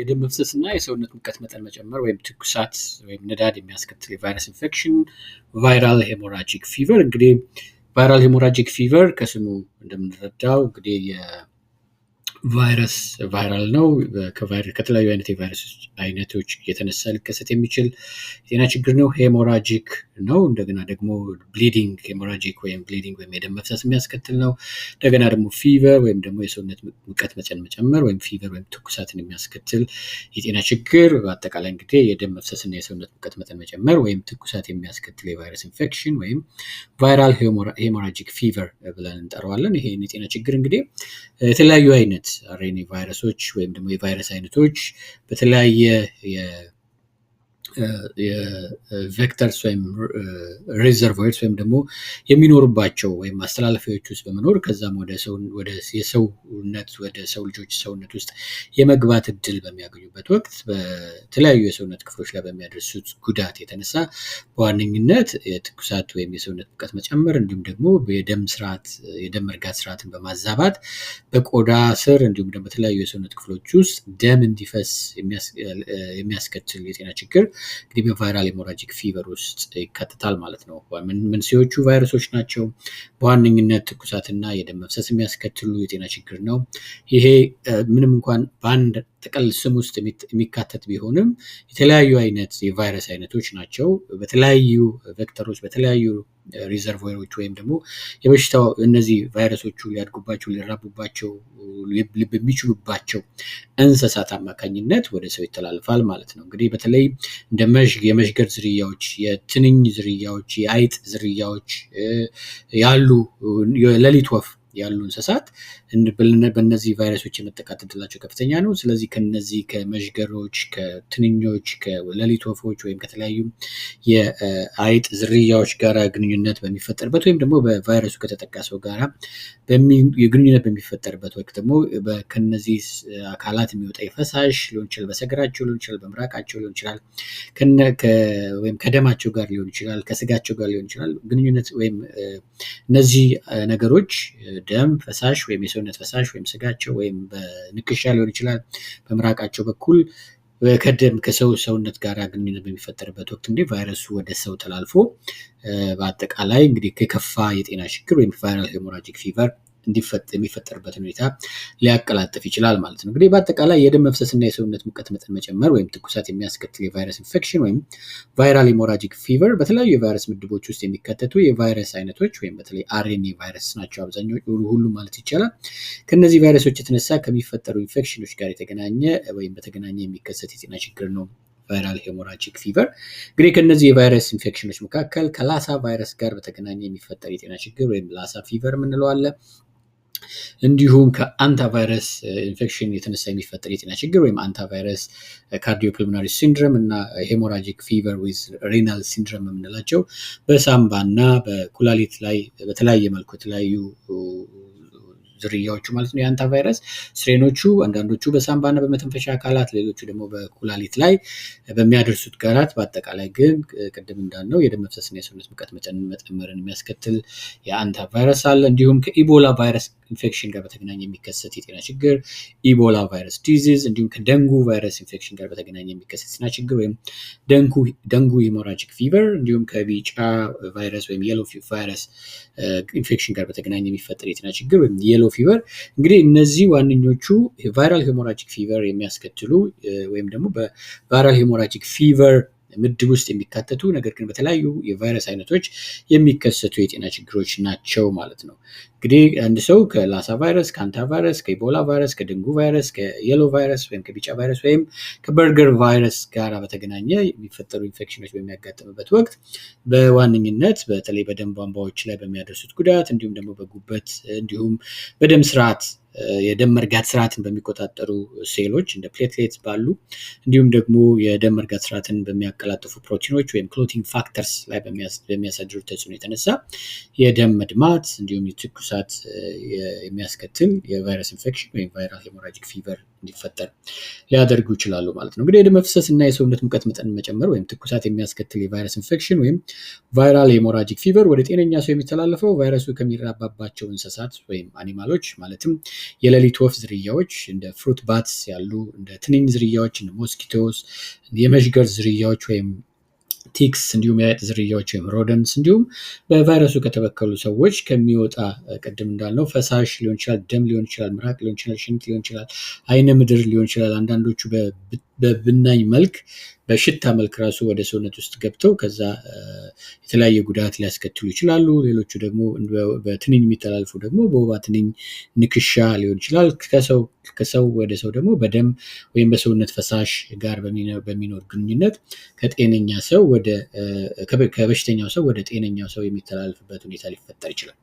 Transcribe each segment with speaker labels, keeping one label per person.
Speaker 1: የደም መፍሰስ እና የሰውነት ሙቀት መጠን መጨመር ወይም ትኩሳት ወይም ንዳድ የሚያስከትል የቫይረስ ኢንፌክሽን ቫይራል ሄሞራጂክ ፊቨር እንግዲህ ቫይራል ሄሞራጂክ ፊቨር ከስሙ እንደምንረዳው እንግዲህ ቫይረስ ቫይራል ነው። ከተለያዩ አይነት የቫይረስ አይነቶች የተነሳ ሊከሰት የሚችል የጤና ችግር ነው። ሄሞራጂክ ነው። እንደገና ደግሞ ብሊዲንግ ሄሞራጂክ ወይም ብሊዲንግ ወይም የደም መፍሰስ የሚያስከትል ነው። እንደገና ደግሞ ፊቨር ወይም ደግሞ የሰውነት ሙቀት መጠን መጨመር ወይም ፊቨር ወይም ትኩሳትን የሚያስከትል የጤና ችግር በአጠቃላይ እንግዲህ የደም መፍሰስና የሰውነት ሙቀት መጠን መጨመር ወይም ትኩሳት የሚያስከትል የቫይረስ ኢንፌክሽን ወይም ቫይራል ሄሞራጂክ ፊቨር ብለን እንጠራዋለን። ይሄን የጤና ችግር እንግዲህ የተለያዩ አይነት አርኤንኤ ቫይረሶች ወይም ደግሞ የቫይረስ አይነቶች በተለያየ የቬክተርስ ወይም ሬዘርቮይርስ ወይም ደግሞ የሚኖሩባቸው ወይም አስተላለፊዎች ውስጥ በመኖር ከዛም ወደ የሰውነት ወደ ሰው ልጆች ሰውነት ውስጥ የመግባት እድል በሚያገኙበት ወቅት በተለያዩ የሰውነት ክፍሎች ላይ በሚያደርሱት ጉዳት የተነሳ በዋነኝነት የትኩሳት ወይም የሰውነት ሙቀት መጨመር እንዲሁም ደግሞ የደም ስርዓት የደም እርጋት ስርዓትን በማዛባት በቆዳ ስር እንዲሁም ደግሞ በተለያዩ የሰውነት ክፍሎች ውስጥ ደም እንዲፈስ የሚያስከትል የጤና ችግር እንግዲህ በቫይራል ሄሞራጂክ ፊቨር ውስጥ ይካተታል ማለት ነው። መንስኤዎቹ ቫይረሶች ናቸው። በዋነኝነት ትኩሳትና የደም መፍሰስ የሚያስከትሉ የጤና ችግር ነው። ይሄ ምንም እንኳን በአንድ ጥቅል ስም ውስጥ የሚካተት ቢሆንም የተለያዩ አይነት የቫይረስ አይነቶች ናቸው። በተለያዩ ቬክተሮች በተለያዩ ሪዘርቮሮች ወይም ደግሞ የበሽታው እነዚህ ቫይረሶቹ ሊያድጉባቸው ሊራቡባቸው ልብ እንስሳት አማካኝነት ወደ ሰው ይተላልፋል ማለት ነው። እንግዲህ በተለይ እንደ መዥግ ዝርያዎች፣ የትንኝ ዝርያዎች፣ የአይጥ ዝርያዎች ያሉ የሌሊት ወፍ ያሉ እንስሳት በእነዚህ ቫይረሶች የመጠቃት እድላቸው ከፍተኛ ነው። ስለዚህ ከነዚህ ከመዥገሮች፣ ከትንኞች፣ ከሌሊት ወፎች ወይም ከተለያዩ የአይጥ ዝርያዎች ጋር ግንኙነት በሚፈጠርበት ወይም ደግሞ በቫይረሱ ከተጠቃሰው ጋር ግንኙነት በሚፈጠርበት ወቅት ደግሞ ከነዚህ አካላት የሚወጣ የፈሳሽ ሊሆን ይችላል፣ በሰገራቸው ሊሆን ይችላል፣ በምራቃቸው ሊሆን ይችላል፣ ወይም ከደማቸው ጋር ሊሆን ይችላል፣ ከስጋቸው ጋር ሊሆን ይችላል ግንኙነት ወይም እነዚህ ነገሮች ደም ፈሳሽ ወይም የሰውነት ፈሳሽ ወይም ስጋቸው ወይም በንክሻ ሊሆን ይችላል በምራቃቸው በኩል ከደም ከሰው ሰውነት ጋር ግንኙነት በሚፈጠርበት ወቅት እንግዲህ ቫይረሱ ወደ ሰው ተላልፎ በአጠቃላይ እንግዲህ ከከፋ የጤና ችግር ወይም ቫይራል ሄሞራጂክ ፊቨር የሚፈጠርበትን ሁኔታ ሊያቀላጥፍ ይችላል ማለት ነው። እንግዲህ በአጠቃላይ የደም መፍሰስና የሰውነት ሙቀት መጠን መጨመር ወይም ትኩሳት የሚያስከትል የቫይረስ ኢንፌክሽን ወይም ቫይራል ሄሞራጂክ ፊቨር በተለያዩ የቫይረስ ምድቦች ውስጥ የሚከተቱ የቫይረስ አይነቶች ወይም በተለይ አርኤንኤ ቫይረስ ናቸው አብዛኛው ሁሉም ማለት ይቻላል። ከእነዚህ ቫይረሶች የተነሳ ከሚፈጠሩ ኢንፌክሽኖች ጋር የተገናኘ ወይም በተገናኘ የሚከሰት የጤና ችግር ነው። ቫይራል ሄሞራጂክ ፊቨር እንግዲህ ከእነዚህ የቫይረስ ኢንፌክሽኖች መካከል ከላሳ ቫይረስ ጋር በተገናኘ የሚፈጠር የጤና ችግር ወይም ላሳ ፊቨር የምንለው አለ። እንዲሁም ከአንታቫይረስ ኢንፌክሽን የተነሳ የሚፈጠር የጤና ችግር ወይም አንታቫይረስ ካርዲዮፕልሞናሪ ሲንድረም እና ሄሞራጂክ ፊቨር ዊዝ ሬናል ሲንድረም የምንላቸው በሳምባ እና በኩላሊት ላይ በተለያየ መልኩ የተለያዩ ዝርያዎቹ ማለት ነው የአንታ ቫይረስ ስሬኖቹ አንዳንዶቹ እና በመተንፈሻ አካላት፣ ሌሎቹ ደግሞ በኩላሊት ላይ በሚያደርሱት ጋራት፣ በአጠቃላይ ግን ቅድም እንዳልነው የደም መፍሰስና የሰውነት ሙቀት መጠን መጨመርን የሚያስከትል የአንታ ቫይረስ አለ። እንዲሁም ከኢቦላ ቫይረስ ኢንፌክሽን ጋር በተገናኘ የሚከሰት የጤና ችግር፣ ኢቦላ ቫይረስ ዲዚዝ እንዲሁም ከደንጉ ቫይረስ ኢንፌክሽን ጋር በተገናኘ የሚከሰት የጤና ችግር ወይም ደንጉ ሂሞራጂክ ፊቨር እንዲሁም ከቢጫ ቫይረስ ወይም የሎ ቫይረስ ኢንፌክሽን ጋር በተገናኘ የሚፈጠር የጤና ችግር ወይም የሎ ፊቨር። እንግዲህ እነዚህ ዋነኞቹ ቫይራል ሂሞራጂክ ፊቨር የሚያስከትሉ ወይም ደግሞ በቫይራል ሂሞራጂክ ፊቨር ምድብ ውስጥ የሚካተቱ ነገር ግን በተለያዩ የቫይረስ አይነቶች የሚከሰቱ የጤና ችግሮች ናቸው ማለት ነው። እንግዲህ አንድ ሰው ከላሳ ቫይረስ፣ ከአንታ ቫይረስ፣ ከኢቦላ ቫይረስ፣ ከድንጉ ቫይረስ፣ ከየሎ ቫይረስ ወይም ከቢጫ ቫይረስ ወይም ከበርገር ቫይረስ ጋር በተገናኘ የሚፈጠሩ ኢንፌክሽኖች በሚያጋጥምበት ወቅት በዋነኝነት በተለይ በደም ቧንቧዎች ላይ በሚያደርሱት ጉዳት እንዲሁም ደግሞ በጉበት እንዲሁም በደም ስርዓት የደም መርጋት ስርዓትን በሚቆጣጠሩ ሴሎች እንደ ፕሌትሌትስ ባሉ እንዲሁም ደግሞ የደም መርጋት ስርዓትን በሚያቀላጥፉ ፕሮቲኖች ወይም ክሎቲንግ ፋክተርስ ላይ በሚያሳድሩ ተጽዕኖ የተነሳ የደም መድማት እንዲሁም የትኩሳት የሚያስከትል የቫይረስ ኢንፌክሽን ወይም ቫይራል ሄሞራጂክ ፊቨር እንዲፈጠር ሊያደርጉ ይችላሉ ማለት ነው። እንግዲህ የደም መፍሰስ እና የሰውነት ሙቀት መጠን መጨመር ወይም ትኩሳት የሚያስከትል የቫይረስ ኢንፌክሽን ወይም ቫይራል ሄሞራጂክ ፊቨር ወደ ጤነኛ ሰው የሚተላለፈው ቫይረሱ ከሚራባባቸው እንስሳት ወይም አኒማሎች ማለትም የሌሊት ወፍ ዝርያዎች እንደ ፍሩት ባትስ ያሉ እንደ ትንኝ ዝርያዎች፣ እንደ ሞስኪቶስ፣ የመዥገር ዝርያዎች ወይም ቲክስ እንዲሁም የአይጥ ዝርያዎች ወይም ሮደንስ እንዲሁም በቫይረሱ ከተበከሉ ሰዎች ከሚወጣ ቅድም እንዳልነው ፈሳሽ ሊሆን ይችላል፣ ደም ሊሆን ይችላል፣ ምራቅ ሊሆን ይችላል፣ ሽንት ሊሆን ይችላል፣ አይነ ምድር ሊሆን ይችላል። አንዳንዶቹ በብናኝ መልክ በሽታ መልክ ራሱ ወደ ሰውነት ውስጥ ገብተው ከዛ የተለያየ ጉዳት ሊያስከትሉ ይችላሉ። ሌሎቹ ደግሞ በትንኝ የሚተላልፉ ደግሞ በወባ ትንኝ ንክሻ ሊሆን ይችላል። ከሰው ወደ ሰው ደግሞ በደም ወይም በሰውነት ፈሳሽ ጋር በሚኖር ግንኙነት ከጤነኛ ሰው ከበሽተኛው ሰው ወደ ጤነኛው ሰው የሚተላልፍበት ሁኔታ ሊፈጠር ይችላል።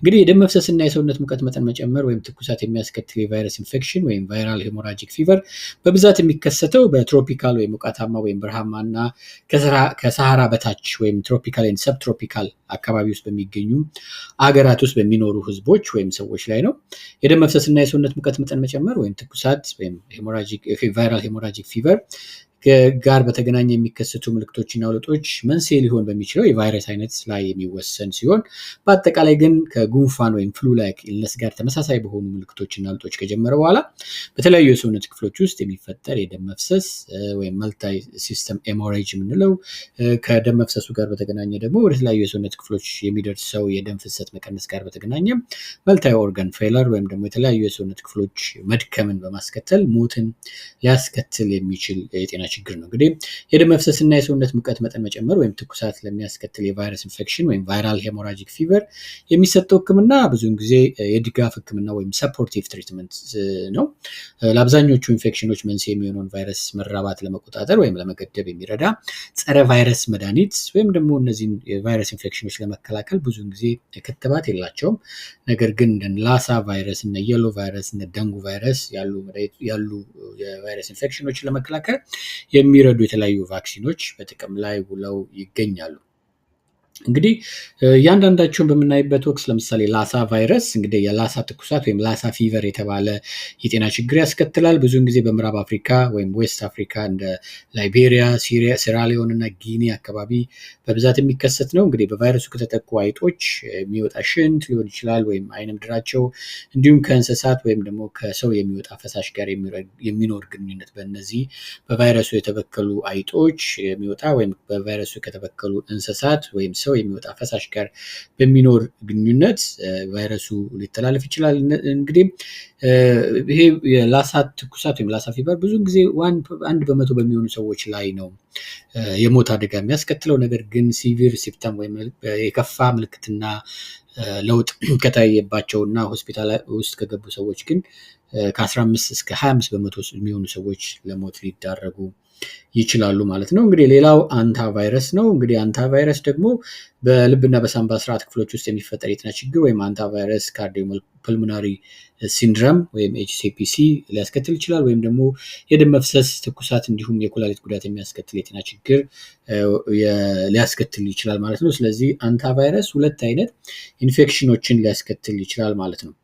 Speaker 1: እንግዲህ የደም እና የሰውነት ሙቀት መጠን መጨመር ወይም ትኩሳት የሚያስከትል የቫይረስ ኢንፌክሽን ወይም ቫይራል ሄሞራጂክ ፊቨር በብዛት የሚከሰተው ናቸው። በትሮፒካል ወይም ሞቃታማ ወይም ብርሃማ እና ከሰሃራ በታች ወይም ትሮፒካል ወይም ሰብትሮፒካል አካባቢ ውስጥ በሚገኙ አገራት ውስጥ በሚኖሩ ህዝቦች ወይም ሰዎች ላይ ነው። የደም የሰውነት ሙቀት መጠን መጨመር ወይም ትኩሳት ወይም ቫይራል ሄሞራጂክ ፊቨር ጋር በተገናኘ የሚከሰቱ ምልክቶችና ለውጦች መንስኤ ሊሆን በሚችለው የቫይረስ አይነት ላይ የሚወሰን ሲሆን በአጠቃላይ ግን ከጉንፋን ወይም ፍሉ ላይክ ኢልነስ ጋር ተመሳሳይ በሆኑ ምልክቶችና ለውጦች ከጀመረ በኋላ በተለያዩ የሰውነት ክፍሎች ውስጥ የሚፈጠር የደም መፍሰስ ወይም መልታይ ሲስተም ኤሞሬጅ የምንለው ከደም መፍሰሱ ጋር በተገናኘ ደግሞ ወደ ተለያዩ የሰውነት ክፍሎች የሚደርሰው የደም ፍሰት መቀነስ ጋር በተገናኘ መልታይ ኦርጋን ፌለር ወይም ደግሞ የተለያዩ የሰውነት ክፍሎች መድከምን በማስከተል ሞትን ሊያስከትል የሚችል የጤና ችግር ነው። እንግዲህ የደም መፍሰስና የሰውነት ሙቀት መጠን መጨመር ወይም ትኩሳት ለሚያስከትል የቫይረስ ኢንፌክሽን ወይም ቫይራል ሄሞራጂክ ፊቨር የሚሰጠው ሕክምና ብዙውን ጊዜ የድጋፍ ሕክምና ወይም ሰፖርቲቭ ትሪትመንት ነው። ለአብዛኞቹ ኢንፌክሽኖች መንስኤ የሚሆነውን ቫይረስ መራባት ለመቆጣጠር ወይም ለመገደብ የሚረዳ ጸረ ቫይረስ መድኃኒት ወይም ደግሞ እነዚህን የቫይረስ ኢንፌክሽኖች ለመከላከል ብዙውን ጊዜ ክትባት የላቸውም። ነገር ግን እንደ ላሳ ቫይረስ እነ የሎ ቫይረስ እነ ደንጉ ቫይረስ ያሉ ያሉ የቫይረስ ኢንፌክሽኖችን ለመከላከል የሚረዱ የተለያዩ ቫክሲኖች በጥቅም ላይ ውለው ይገኛሉ። እንግዲህ እያንዳንዳቸውን በምናይበት ወቅት ለምሳሌ ላሳ ቫይረስ እንግዲህ የላሳ ትኩሳት ወይም ላሳ ፊቨር የተባለ የጤና ችግር ያስከትላል። ብዙውን ጊዜ በምዕራብ አፍሪካ ወይም ዌስት አፍሪካ እንደ ላይቤሪያ፣ ሴራሊዮን እና ጊኒ አካባቢ በብዛት የሚከሰት ነው። እንግዲህ በቫይረሱ ከተጠቁ አይጦች የሚወጣ ሽንት ሊሆን ይችላል ወይም አይነ ምድራቸው፣ እንዲሁም ከእንስሳት ወይም ደግሞ ከሰው የሚወጣ ፈሳሽ ጋር የሚኖር ግንኙነት በእነዚህ በቫይረሱ የተበከሉ አይጦች የሚወጣ ወይም በቫይረሱ ከተበከሉ እንስሳት ወይም ሰው ከሰው የሚወጣ ፈሳሽ ጋር በሚኖር ግንኙነት ቫይረሱ ሊተላለፍ ይችላል። እንግዲህ ይሄ የላሳ ትኩሳት ወይም ላሳ ፊበር ብዙ ጊዜ አንድ በመቶ በሚሆኑ ሰዎች ላይ ነው የሞት አደጋ የሚያስከትለው። ነገር ግን ሲቪር ሲፕተም ወይም የከፋ ምልክትና ለውጥ ከታየባቸው እና ሆስፒታል ውስጥ ከገቡ ሰዎች ግን ከ15 እስከ 25 በመቶ የሚሆኑ ሰዎች ለሞት ሊዳረጉ ይችላሉ ማለት ነው። እንግዲህ ሌላው አንታ ቫይረስ ነው። እንግዲህ አንታ ቫይረስ ደግሞ በልብና በሳንባ ስርዓት ክፍሎች ውስጥ የሚፈጠር የጤና ችግር ወይም አንታ ቫይረስ ካርዲዮፐልሞናሪ ሲንድረም ወይም ኤችሲፒሲ ሊያስከትል ይችላል። ወይም ደግሞ የደም መፍሰስ፣ ትኩሳት እንዲሁም የኩላሊት ጉዳት የሚያስከትል የጤና ችግር ሊያስከትል ይችላል ማለት ነው። ስለዚህ አንታ ቫይረስ ሁለት አይነት ኢንፌክሽኖችን ሊያስከትል ይችላል ማለት ነው።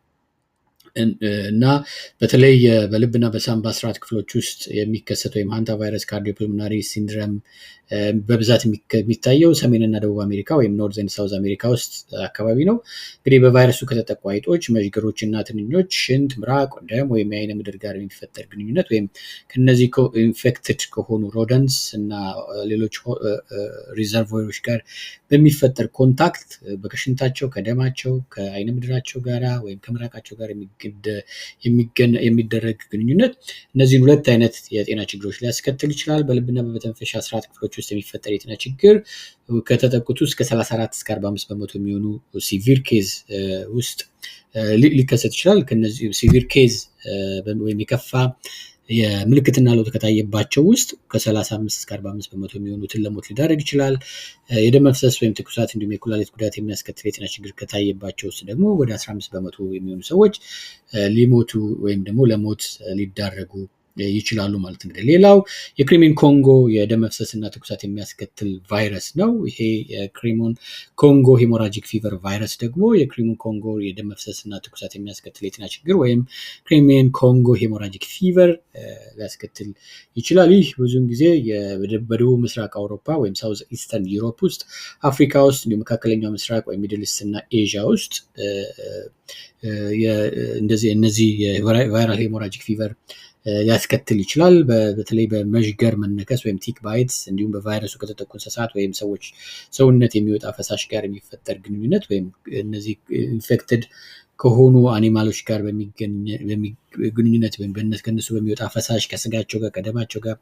Speaker 1: እና በተለይ በልብና በሳምባ ስርዓት ክፍሎች ውስጥ የሚከሰተው የማንታ ቫይረስ ካርዲዮፑልሞናሪ ሲንድረም በብዛት የሚታየው ሰሜንና ደቡብ አሜሪካ ወይም ኖርዘን ሳውዝ አሜሪካ ውስጥ አካባቢ ነው። እንግዲህ በቫይረሱ ከተጠቁ አይጦች፣ መዥገሮች እና ትንኞች ሽንት፣ ምራቅ፣ ደም ወይም የአይነ ምድር ጋር የሚፈጠር ግንኙነት ወይም ከነዚህ ኢንፌክትድ ከሆኑ ሮደንስ እና ሌሎች ሪዘርቮሮች ጋር በሚፈጠር ኮንታክት በከሽንታቸው ከደማቸው፣ ከአይነ ምድራቸው ጋር ወይም ከምራቃቸው ጋር የሚደረግ ግንኙነት እነዚህን ሁለት አይነት የጤና ችግሮች ሊያስከትል ይችላል። በልብና በመተንፈሻ ስርዓት ክፍሎች ውስጥ የሚፈጠር የጤና ችግር ከተጠቁት ውስጥ ከ34 እስከ 45 በመቶ የሚሆኑ ሲቪር ኬዝ ውስጥ ሊከሰት ይችላል። ከነዚህ ሲቪር ኬዝ ወይም የከፋ የምልክትና ለውጥ ከታየባቸው ውስጥ ከ35 እስከ 45 በመቶ የሚሆኑትን ለሞት ሊዳረግ ይችላል። የደም መፍሰስ ወይም ትኩሳት እንዲሁም የኩላሊት ጉዳት የሚያስከትል የጤና ችግር ከታየባቸው ውስጥ ደግሞ ወደ 15 በመቶ የሚሆኑ ሰዎች ሊሞቱ ወይም ደግሞ ለሞት ሊዳረጉ ይችላሉ ማለት እንግዲህ። ሌላው የክሪሚን ኮንጎ የደም መፍሰስና ትኩሳት የሚያስከትል ቫይረስ ነው። ይሄ የክሪሚን ኮንጎ ሄሞራጂክ ፊቨር ቫይረስ ደግሞ የክሪሚን ኮንጎ የደም መፍሰስና ትኩሳት የሚያስከትል የጤና ችግር ወይም ክሪሚን ኮንጎ ሄሞራጂክ ፊቨር ሊያስከትል ይችላል። ይህ ብዙን ጊዜ በደቡብ ምስራቅ አውሮፓ ወይም ሳውዝ ኢስተርን ዩሮፕ ውስጥ፣ አፍሪካ ውስጥ እንዲሁ መካከለኛው ምስራቅ ወይም ሚድልስት እና ኤዥያ ውስጥ እነዚህ የቫይራል ሄሞራጂክ ፊቨር ሊያስከትል ይችላል። በተለይ በመዥገር መነከስ ወይም ቲክ ባይትስ እንዲሁም በቫይረሱ ከተጠቁ እንስሳት ወይም ሰዎች ሰውነት የሚወጣ ፈሳሽ ጋር የሚፈጠር ግንኙነት ወይም እነዚህ ኢንፌክትድ ከሆኑ አኒማሎች ጋር ግንኙነት ወይም ከነሱ በሚወጣ ፈሳሽ ከስጋቸው ጋር፣ ከደማቸው ጋር፣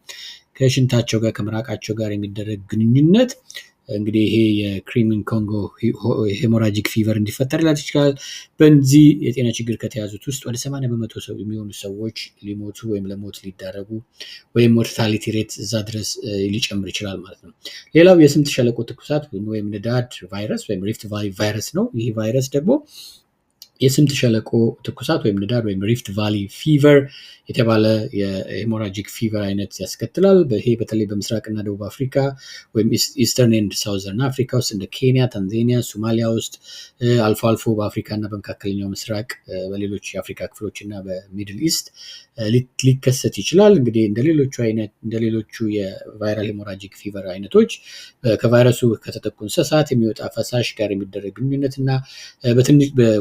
Speaker 1: ከሽንታቸው ጋር፣ ከምራቃቸው ጋር የሚደረግ ግንኙነት እንግዲህ ይሄ የክሪሚን ኮንጎ ሄሞራጂክ ፊቨር ላት ይችላል። በዚህ የጤና ችግር ከተያዙት ውስጥ ወደ ሰማንያ በመቶ ሰው የሚሆኑ ሰዎች ሊሞቱ ወይም ለሞት ሊዳረጉ ወይም ሞርታሊቲ ሬት እዛ ድረስ ሊጨምር ይችላል ማለት ነው። ሌላው የስምት ሸለቆ ትኩሳት ወይም ንዳድ ቫይረስ ወይም ሪፍት ቫሊ ቫይረስ ነው። ይህ ቫይረስ ደግሞ የስምጥ ሸለቆ ትኩሳት ወይም ንዳድ ወይም ሪፍት ቫሊ ፊቨር የተባለ የሄሞራጂክ ፊቨር አይነት ያስከትላል። ይሄ በተለይ በምስራቅና ደቡብ አፍሪካ ወይም ኢስተርን ኤንድ ሳውዘርን አፍሪካ ውስጥ እንደ ኬንያ፣ ታንዛኒያ፣ ሶማሊያ ውስጥ አልፎ አልፎ በአፍሪካና በመካከለኛው ምስራቅ በሌሎች የአፍሪካ ክፍሎች እና በሚድል ኢስት ሊከሰት ይችላል። እንግዲህ እንደሌሎቹ አይነት እንደሌሎቹ የቫይራል ሄሞራጂክ ፊቨር አይነቶች ከቫይረሱ ከተጠቁ እንስሳት የሚወጣ ፈሳሽ ጋር የሚደረግ ግንኙነት እና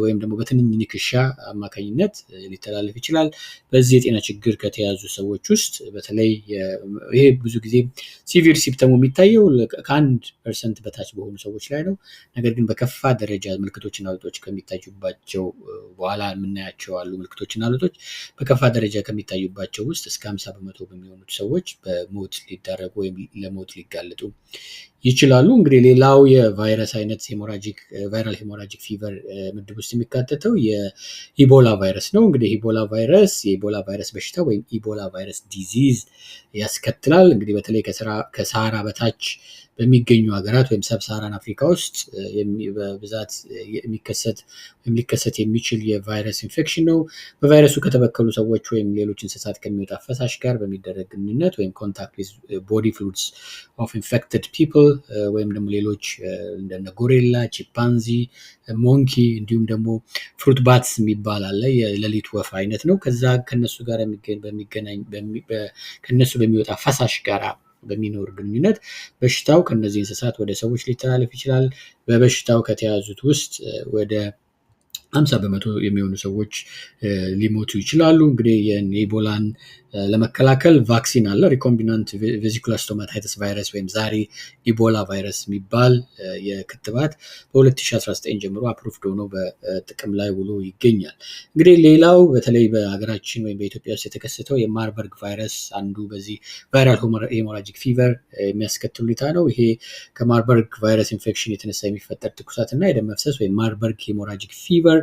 Speaker 1: ወይም ደግሞ በትንኝ ንክሻ አማካኝነት ሊተላለፍ ይችላል። በዚህ የጤና ችግር ከተያዙ ሰዎች ውስጥ በተለይ ይሄ ብዙ ጊዜ ሲቪር ሲፕተሙ የሚታየው ከአንድ ፐርሰንት በታች በሆኑ ሰዎች ላይ ነው። ነገር ግን በከፋ ደረጃ ምልክቶችና ለውጦች ከሚታዩባቸው በኋላ የምናያቸው አሉ። ምልክቶችና ለውጦች በከፋ ደረጃ ከሚታዩባቸው ውስጥ እስከ ሀምሳ በመቶ በሚሆኑት ሰዎች በሞት ሊዳረጉ ወይም ለሞት ሊጋለጡ ይችላሉ። እንግዲህ ሌላው የቫይረስ አይነት ቫይራል ሄሞራጂክ ፊቨር ምድብ ውስጥ የሚካተተው የኢቦላ ቫይረስ ነው። እንግዲህ ኢቦላ ቫይረስ የኢቦላ ቫይረስ በሽታ ወይም ኢቦላ ቫይረስ ዲዚዝ ያስከትላል። እንግዲህ በተለይ ከሰሃራ በታች በሚገኙ ሀገራት ወይም ሰብሳራን አፍሪካ ውስጥ በብዛት የሚከሰት ወይም ሊከሰት የሚችል የቫይረስ ኢንፌክሽን ነው። በቫይረሱ ከተበከሉ ሰዎች ወይም ሌሎች እንስሳት ከሚወጣ ፈሳሽ ጋር በሚደረግ ግንኙነት ወይም ኮንታክት ዊዝ ቦዲ ፍሉድስ ኦፍ ኢንፌክትድ ፒፕል ወይም ደግሞ ሌሎች እንደነ ጎሬላ፣ ቺምፓንዚ፣ ሞንኪ እንዲሁም ደግሞ ፍሩት ባትስ የሚባል አለ የሌሊት ወፍ አይነት ነው። ከዛ ከነሱ ጋር ከነሱ በሚወጣ ፈሳሽ ጋር በሚኖር ግንኙነት በሽታው ከነዚህ እንስሳት ወደ ሰዎች ሊተላለፍ ይችላል። በበሽታው ከተያዙት ውስጥ ወደ ሀምሳ በመቶ የሚሆኑ ሰዎች ሊሞቱ ይችላሉ። እንግዲህ የኢቦላን ለመከላከል ቫክሲን አለ። ሪኮምቢናንት ቬዚኩላር ስቶማታይተስ ቫይረስ ወይም ዛሬ ኢቦላ ቫይረስ የሚባል የክትባት በ2019 ጀምሮ አፕሩቭድ ሆኖ በጥቅም ላይ ውሎ ይገኛል። እንግዲህ ሌላው በተለይ በሀገራችን ወይም በኢትዮጵያ ውስጥ የተከሰተው የማርበርግ ቫይረስ አንዱ በዚህ ቫይራል ሄሞራጂክ ፊቨር የሚያስከትል ሁኔታ ነው። ይሄ ከማርበርግ ቫይረስ ኢንፌክሽን የተነሳ የሚፈጠር ትኩሳት እና የደም መፍሰስ ወይም ማርበርግ ሄሞራጂክ ፊቨር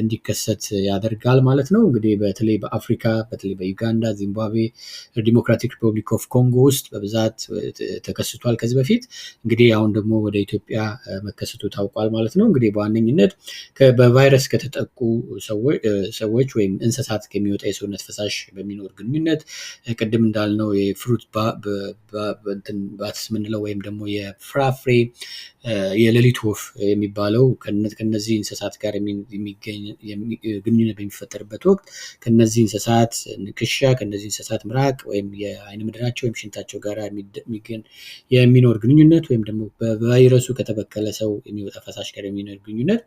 Speaker 1: እንዲከሰት ያደርጋል ማለት ነው። እንግዲህ በተለይ በአፍሪካ በተለይ በዩጋንዳ፣ ዚምባብዌ፣ ዲሞክራቲክ ሪፐብሊክ ኦፍ ኮንጎ ውስጥ በብዛት ተከስቷል ከዚህ በፊት እንግዲህ አሁን ደግሞ ወደ ኢትዮጵያ መከሰቱ ታውቋል ማለት ነው። እንግዲህ በዋነኝነት በቫይረስ ከተጠቁ ሰዎች ወይም እንስሳት ከሚወጣ የሰውነት ፈሳሽ በሚኖር ግንኙነት ቅድም እንዳልነው የፍሩት ባትስ ምንለው ወይም ደግሞ የፍራፍሬ የሌሊት ወፍ የሚባለው ከነዚህ እንስሳት ጋር የሚገኝ ግንኙነት በሚፈጠርበት ወቅት ከነዚህ እንስሳት ንክሻ ከነዚህ እንስሳት ምራቅ ወይም የአይን ምድራቸው ወይም ሽንታቸው ጋር የሚገን የሚኖር ግንኙነት ወይም ደግሞ በቫይረሱ ከተበከለ ሰው የሚወጣ ፈሳሽ ጋር የሚኖር ግንኙነት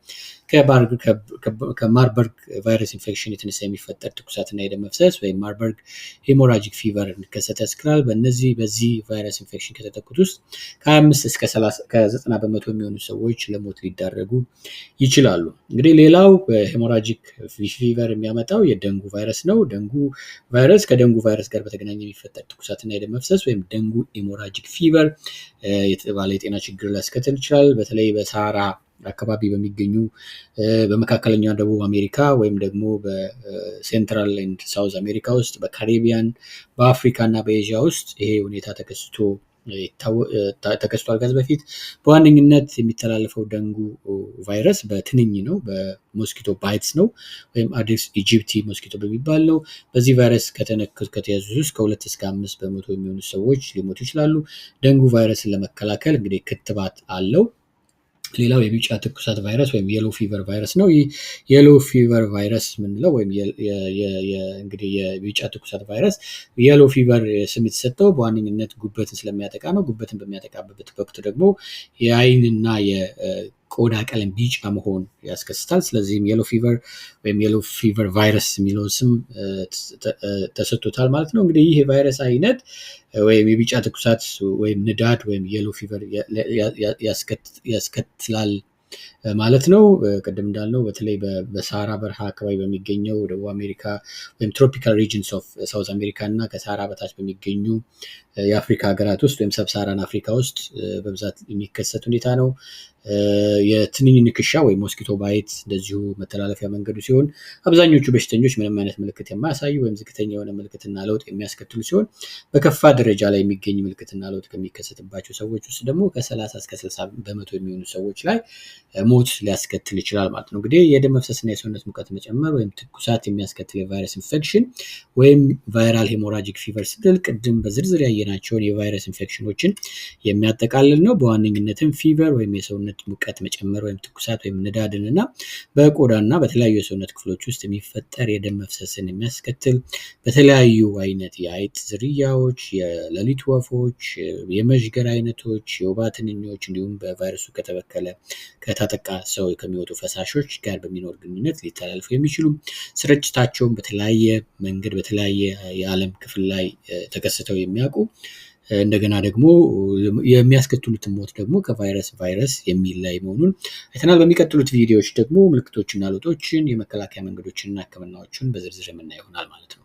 Speaker 1: ከማርበርግ ቫይረስ ኢንፌክሽን የተነሳ የሚፈጠር ትኩሳትና የደም መፍሰስ ወይም ማርበርግ ሄሞራጂክ ፊቨር ከሰተ ያስችላል። በእነዚህ በዚህ ቫይረስ ኢንፌክሽን ከተጠቁት ውስጥ ከ25 እስከ 90 በመቶ የሚሆኑ ሰዎች ለሞት ሊዳረጉ ይችላሉ። እንግዲህ ሌላው የሄሞራጂክ ፊቨር የሚያመጣው የደንጉ ቫይረስ ነው። ደንጉ ቫይረስ ከደንጉ ቫይረስ ጋር በተገናኘ የሚፈጠር ትኩሳትና የደም መፍሰስ ወይም ደንጉ ሄሞራጂክ ፊቨር የተባለ የጤና ችግር ሊያስከትል ይችላል። በተለይ በሳራ አካባቢ በሚገኙ በመካከለኛ ደቡብ አሜሪካ ወይም ደግሞ በሴንትራል ንድ ሳውዝ አሜሪካ ውስጥ፣ በካሪቢያን፣ በአፍሪካ እና በኤዥያ ውስጥ ይሄ ሁኔታ ተከስቶ ተከስቷል ከዚህ በፊት። በዋነኝነት የሚተላለፈው ደንጉ ቫይረስ በትንኝ ነው፣ በሞስኪቶ ባይትስ ነው ወይም አዲስ ኢጂፕቲ ሞስኪቶ በሚባል ነው። በዚህ ቫይረስ ከተያዙ ውስጥ ከሁለት እስከ አምስት በመቶ የሚሆኑ ሰዎች ሊሞቱ ይችላሉ። ደንጉ ቫይረስን ለመከላከል እንግዲህ ክትባት አለው። ሌላው የቢጫ ትኩሳት ቫይረስ ወይም የሎ ፊቨር ቫይረስ ነው። ይህ የሎ ፊቨር ቫይረስ የምንለው ወይም እንግዲህ የቢጫ ትኩሳት ቫይረስ የሎ ፊቨር ስም የተሰጠው በዋነኝነት ጉበትን ስለሚያጠቃ ነው። ጉበትን በሚያጠቃበት ወቅት ደግሞ የአይንና ቆዳ ቀለም ቢጫ መሆን ያስከስታል። ስለዚህም የሎ ፊቨር ወይም የሎ ፊቨር ቫይረስ የሚለው ስም ተሰጥቶታል ማለት ነው። እንግዲህ ይህ የቫይረስ አይነት ወይም የቢጫ ትኩሳት ወይም ንዳድ ወይም የሎ ፊቨር ያስከትላል ማለት ነው። ቅድም እንዳልነው በተለይ በሳራ በረሃ አካባቢ በሚገኘው ደቡብ አሜሪካ ወይም ትሮፒካል ሪጅንስ ኦፍ ሳውዝ አሜሪካ እና ከሳራ በታች በሚገኙ የአፍሪካ ሀገራት ውስጥ ወይም ሰብሳራን አፍሪካ ውስጥ በብዛት የሚከሰት ሁኔታ ነው። የትንኝ ንክሻ ወይም ሞስኪቶ ባይት እንደዚሁ መተላለፊያ መንገዱ ሲሆን አብዛኞቹ በሽተኞች ምንም አይነት ምልክት የማያሳዩ ወይም ዝቅተኛ የሆነ ምልክትና ለውጥ የሚያስከትሉ ሲሆን በከፋ ደረጃ ላይ የሚገኝ ምልክትና ለውጥ ከሚከሰትባቸው ሰዎች ውስጥ ደግሞ ከ30 እስከ 60 በመቶ የሚሆኑ ሰዎች ላይ ሞት ሊያስከትል ይችላል ማለት ነው። እንግዲህ የደም መፍሰስና የሰውነት ሙቀት መጨመር ወይም ትኩሳት የሚያስከትል የቫይረስ ኢንፌክሽን ወይም ቫይራል ሄሞራጂክ ፊቨር ስንል ቅድም በዝርዝር ያየናቸውን የቫይረስ ኢንፌክሽኖችን የሚያጠቃልል ነው። በዋነኝነትም ፊቨር ወይም የሰውነት ሙቀት መጨመር ወይም ትኩሳት ወይም ንዳድን እና በቆዳና በተለያዩ የሰውነት ክፍሎች ውስጥ የሚፈጠር የደም መፍሰስን የሚያስከትል በተለያዩ አይነት የአይጥ ዝርያዎች፣ የሌሊት ወፎች፣ የመዥገር አይነቶች፣ የወባ ትንኞች እንዲሁም በቫይረሱ ከተበከለ ከታጠቃ ሰው ከሚወጡ ፈሳሾች ጋር በሚኖር ግንኙነት ሊተላልፉ የሚችሉ ስርጭታቸውን በተለያየ መንገድ በተለያየ የዓለም ክፍል ላይ ተከስተው የሚያውቁ እንደገና ደግሞ የሚያስከትሉትን ሞት ደግሞ ከቫይረስ ቫይረስ የሚለይ መሆኑን አይተናል። በሚቀጥሉት ቪዲዮዎች ደግሞ ምልክቶችና ለውጦችን፣ የመከላከያ መንገዶችንና ሕክምናዎችን በዝርዝር የምናይ ይሆናል ማለት ነው።